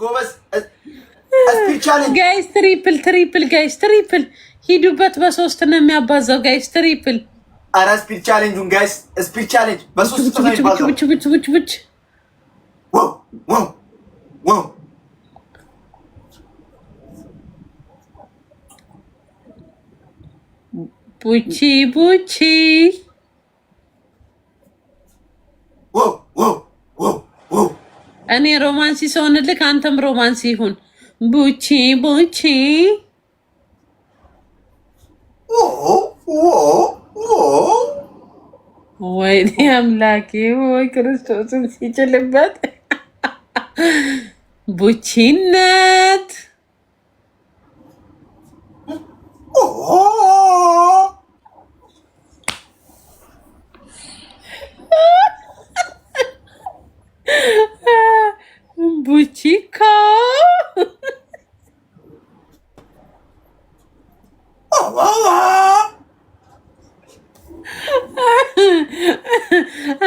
ጎበዝ ጋይስ ትሪፕል ትሪፕል ጋይስ ትሪፕል ሂዱበት። በሶስት ነው የሚያባዛው ጋይስ ትሪፕል። ኧረ ስፒድ ቻሌንጁን ጋይስ ስፒድ ቻሌንጅ በሶስት ነው የሚባዛው። ቡቺ ቡቺ እኔ ሮማንሲ ሲሆንልክ አንተም ሮማንሲ ይሁን። ቡቺ ቡቺ ወይ አምላኬ ወይ ክርስቶስን ሲችልበት ቡቺነት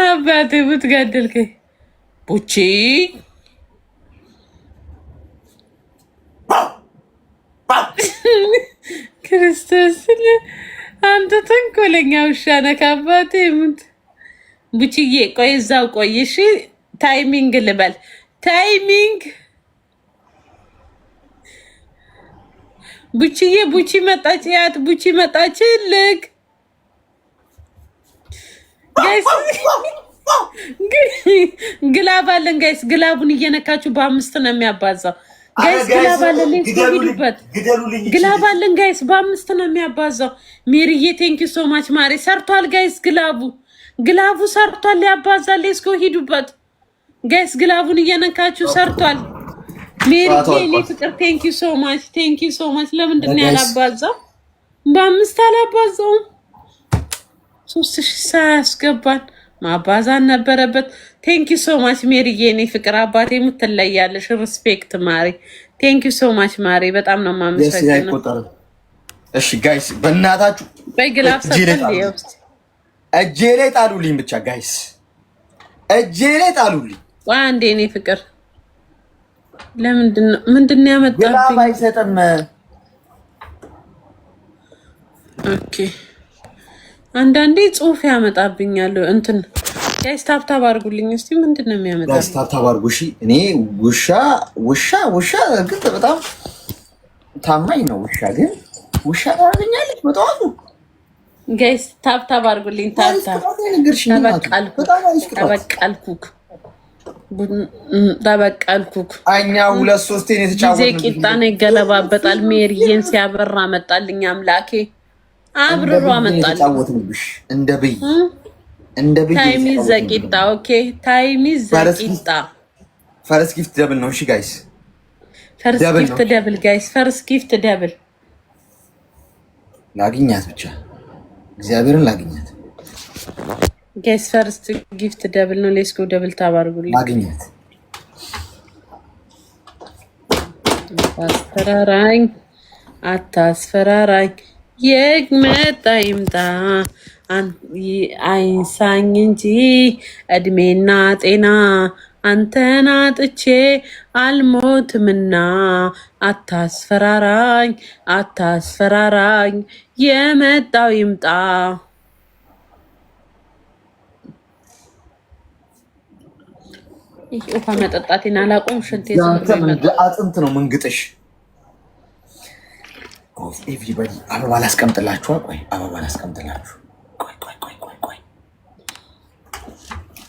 አባቴ ብትገድልከኝ ቡቺ ክርስቶስ አንተ ተንኮለኛ ውሻ ነህ። አባቴ ምንት ቡቺዬ፣ ቆይ እዛው ቆይ። እሺ ታይሚንግ ልበል ታይሚንግ ቡችዬ ቡቺ መጣች፣ ያት ቡቺ መጣች። ልክ ጋይስ ግላብ አለን ጋይስ፣ ግላቡን እየነካችሁ በአምስት ነው የሚያባዛው ጋይስ። ግላብ አለን ሂዱበት፣ ግላብ አለን ጋይስ፣ በአምስት ነው የሚያባዛው። ሜሪዬ ቴንኪዩ ሶማች ማሬ። ሰርቷል ጋይስ፣ ግላቡ ግላቡ ሰርቷል፣ ያባዛል። ሌስኮ ሂዱበት ጋይስ፣ ግላቡን እየነካችሁ ሰርቷል። ሜሪ ፍቅር ቴንክ ዩ ሶ ማች ቴንክ ዩ ሶ ማች። ለምንድን ነው ያላባዛው? በአምስት አላባዛውም። ሶስት ሺህ ሳያስገባን ማባዛን ነበረበት። ቴንክ ዩ ሶ ማች ሜሪ የኔ ፍቅር አባቴ የምትለያለሽ። ሪስፔክት ማሪ። ቴንክ ዩ ሶ ማች ማሪ። በጣም ነው የማመሰግነው። እሺ ጋይስ በእናታችሁ እጄ ላይ ጣሉልኝ ብቻ ጋይስ፣ እጄ ላይ ጣሉልኝ። አንዴ እኔ ፍቅር ለምንድን ምንድነው ያመጣብኝ? አይሰጥም። ኦኬ አንዳንዴ ጽሁፍ ያመጣብኛል። እንትን ጋይስ ታብታብ አድርጉልኝ እስቲ ምንድን የሚያመጣ? ጋይስ ታብታብ አድርጉ። እሺ እኔ ውሻ ውሻ ውሻ ግን በጣም ታማኝ ነው። ውሻ ግን ውሻ ታገኛለች በጠዋቱ። ጋይስ ታብታብ አድርጉልኝ። ታብታብ ተበቃልኩ ተበቃልኩ ተበቀልኩ እኛ ሁለት ሶስቴን የተጫወት ጊዜ ቂጣን ይገለባበጣል። ሜሪዬን ሲያበራ አመጣልኝ አምላኬ አብርሮ እንደ ብይ እንደ ብይ ታይሚ ዘቂጣ ኦኬ፣ ታይሚ ዘቂጣ ጊፍት ደብል ነው። እሺ ጋይስ፣ ጊፍት ደብል ጋይስ፣ ጊፍት ደብል ላግኛት፣ ብቻ እግዚአብሔርን ላግኛት። ጌስ ፈርስት ጊፍት ደብል ነው። ሌስኮ ደብል ታባርጉልኝ ማግኘት አታስፈራራኝ፣ አታስፈራራኝ። የመጣ ይምጣ አይንሳኝ እንጂ እድሜና ጤና አንተን አጥቼ አልሞትምና አታስፈራራኝ፣ አታስፈራራኝ። የመጣው ይምጣ ውሃ መጠጣቴን አላቆም። ሽንቴ አጥንት ነው መንግጥሽ። ኤቭሪባዲ አበባ ላስቀምጥላችኋ። ቆይ አበባ ላስቀምጥላችሁ። ቆይ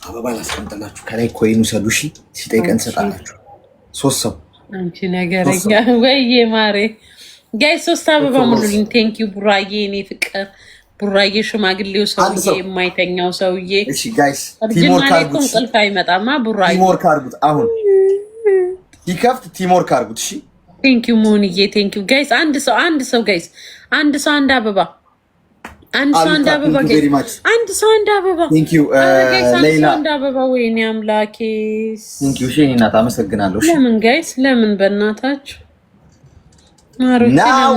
አበባ ላስቀምጥላችሁ። ከላይ ኮይኑ ሰዱ ሺ ሲጠይቀን ሰጣላችሁ። ሶስት ሰው አንቺ ነገረኛ ወይዬ ማሬ ጋይ ሶስት አበባ ሙሉልኝ። ቴንኪዩ ቡራዬ፣ እኔ ፍቅር ቡራዬ ሽማግሌው ሰውዬ የማይተኛው ሰውዬ እንቅልፍ አይመጣማ። ቡራዬ ቲሞር ካርጉት፣ አሁን ይከፍት ቲሞር ካርጉት። እሺ ቴንኪዩ ሞንዬ ቴንኪዩ ጋይስ። አንድ ሰው አንድ ሰው ጋይስ፣ አንድ ሰው አንድ አበባ፣ አንድ ሰው አንድ አበባ፣ አንድ uh, ሰው አንድ አበባ። ወይኔ አምላኬ። እናት አመሰግናለሁ። ለምን ጋይስ፣ ለምን በእናታችሁ ናው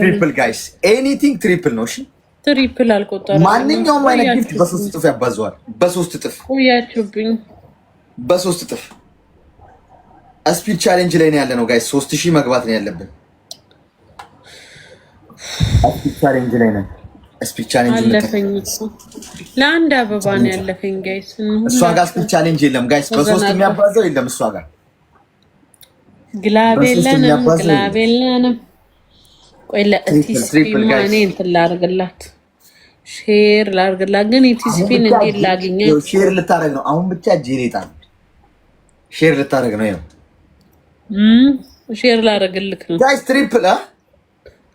ትሪፕል ጋይስ፣ ኤኒቲንግ ትሪፕል ነው። ትሪፕል አልቆጠረም። ማንኛውም አይነት ጊፍት በሶስት እጥፍ ያባዘዋል። በሶስት እጥፍ ቆያችሁብኝ። በሶስት እጥፍ ስፒድ ቻሌንጅ ላይ ነው ያለ ነው ጋይስ። ሶስት ሺህ መግባት ነው ያለብን። ስፒድ ቻሌንጅ ላይ ነን። ስፒድ ቻሌንጅ ለአንድ አበባ ነው ያለፈኝ ጋይስ። እሷ ጋር ስፒድ ቻሌንጅ የለም ጋይስ። በሶስት የሚያባዘው የለም እሷ ጋር ግላብ የለንም፣ ግላብ የለንም ቆይ ለቲስፒማ እኔ እንትን ላድርግላት፣ ሼር ላድርግላት። ግን የቲስፒን እንዴት ሼር ነው አሁን ብቻ ጄኔጣ ሼር ልታረግ ነው። ያው ሼር ላደርግልክ ነው ጋይስ። ትሪፕል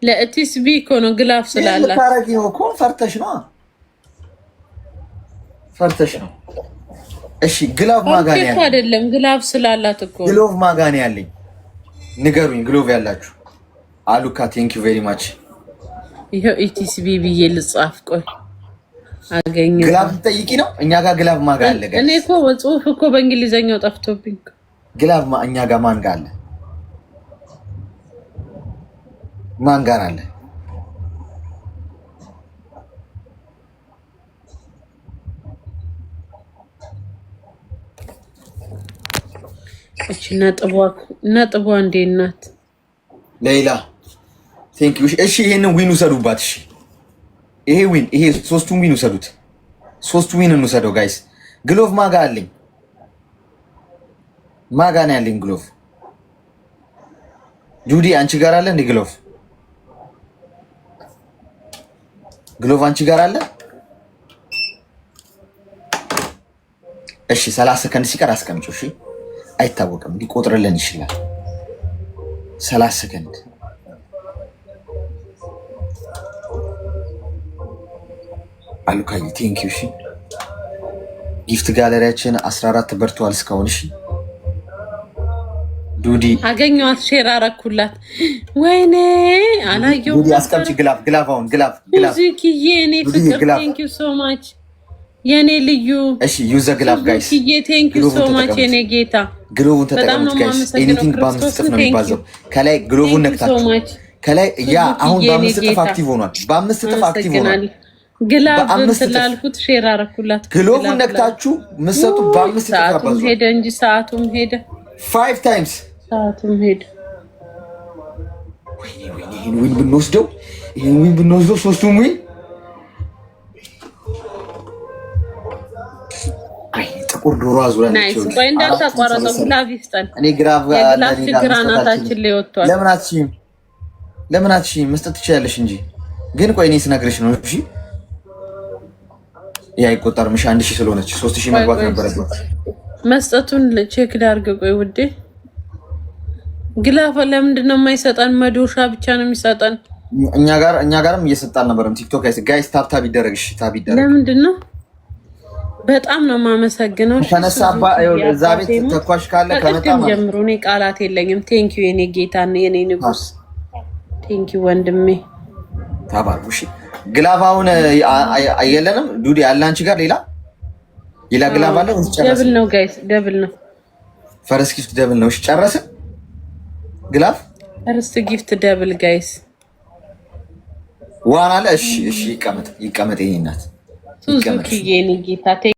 ለቲስቢ እኮ ነው ግላፍ ስላላት ልታደርግ እኮ ፈርተሽ ነው ፈርተሽ ነው። እሺ ግላቭ ማጋኔ አይደለም፣ ስላላት እኮ ግሎቭ ማጋኔ ያለኝ ንገሩኝ። ግሎቭ ያላችሁ አሉካ ቴንክ ዩ ቬሪ ማች። ይኸው ኢቲስቢ ብዬ ልጻፍ። ቆይ አገኘ ግላብ ትጠይቂ ነው እኛ ጋር ግላብ ማጋ አለ። እኔ እኮ ጽሁፍ እኮ በእንግሊዘኛው ጠፍቶብኝ ግላብ እኛ ጋር ማን ጋር አለ? ማን ጋር አለ? እቺ ነጥቧ ነጥቧ እንዴት ናት ሌላ ቴንክ ዩ እሺ፣ ይሄንን ዊን ውሰዱባት። እሺ፣ ይሄ ዊን ይሄ ሶስቱን ዊን ውሰዱት። ሶስቱ ዊን እንውሰደው ጋይስ። ግሎቭ ማጋ አለኝ ማጋ ነው ያለኝ ግሎቭ። ጁዲ አንቺ ጋር አለ እንዴ ግሎቭ? ግሎቭ አንቺ ጋር አለ? እሺ፣ 30 ሰከንድ ሲቀር አስቀምጪው። እሺ፣ አይታወቅም ሊቆጥርልን ይችላል። 30 ሰከንድ አሉካይ ቴንክ ዩ። እሺ ጊፍት ጋለሪያችን 14 በርቷል እስካሁን። እሺ ዱዲ አገኘኋት፣ ሼር አረኩላት። ወይኔ አላየሁም። ዱዲ አስቀምጪ ግላፍ ግላፍ፣ አሁን ግላፍ ግላፍ፣ ዙኪዬ የኔ ፍቅር ቴንክ ዩ ሶ ማች የኔ ልዩ። እሺ ዩዘ ግላፍ ጋይስ ቴንክ ዩ ሶ ማች የኔ ጌታ። ግሎቡን ተጠቀሙት ጋይስ፣ ኤኒቲንግ በአምስት እጥፍ ነው የሚባዘው። ከላይ ግሎቡን ነክታችሁ ከላይ ያ አሁን በአምስት እጥፍ አክቲቭ ሆኗል። በአምስት እጥፍ አክቲቭ ሆኗል። ግላብ ሼር አረኩላት። ምሰጡ። በአምስት ሰዓቱም ሄደ እንጂ ሰዓቱም ሄደ። ፋይቭ ታይምስ ሰዓቱም ሄደ። ይህን ዊን ብንወስደው ይህን ዊን ብንወስደው ሶስቱም ዊን ጥቁር ዶሮ ለምን ለምን መስጠት ትችላለሽ እንጂ ግን ቆይ እኔ ስነግርሽ ነው እሺ ይህ አይቆጠርም። አንድ ሺህ ስለሆነች ሶስት ሺህ መግባት ነበረበት። መስጠቱን ቼክ ላድርግ። ቆይ ውዴ ግላፈ ለምንድን ነው የማይሰጠን? መዶሻ ብቻ ነው የሚሰጠን። እኛ ጋር እኛ ጋርም እየሰጠ አልነበረም። ቲክቶክ ጋይስ ታብ ታብ ይደረግ፣ እሺ ታብ ይደረግ። ለምንድን ነው በጣም ነው የማመሰግነው። ተነሳባ እዛ ቤት ተኳሽ ካለ ከመጣም ጀምሮ እኔ ቃላት የለኝም። ቴንኪዩ የኔ ጌታ የኔ ንጉስ፣ ቴንኪዩ ወንድሜ ታባልኩ። እሺ ግላፍ አሁን አየለንም። ዱዲ ያለ አንቺ ጋር ሌላ ሌላ ግላፍ አለ። ደብል ነው ጋይስ፣ ደብል ነው። ፈርስት ጊፍት ደብል ነው። እሺ ጨረስን። ግላፍ ፈርስት ጊፍት ደብል ጋይስ፣ ዋን አለ። እሺ፣ እሺ፣ ይቀመጥ፣ ይቀመጥ። ይሄን ናት ሱዙኪ የኔ ጌታ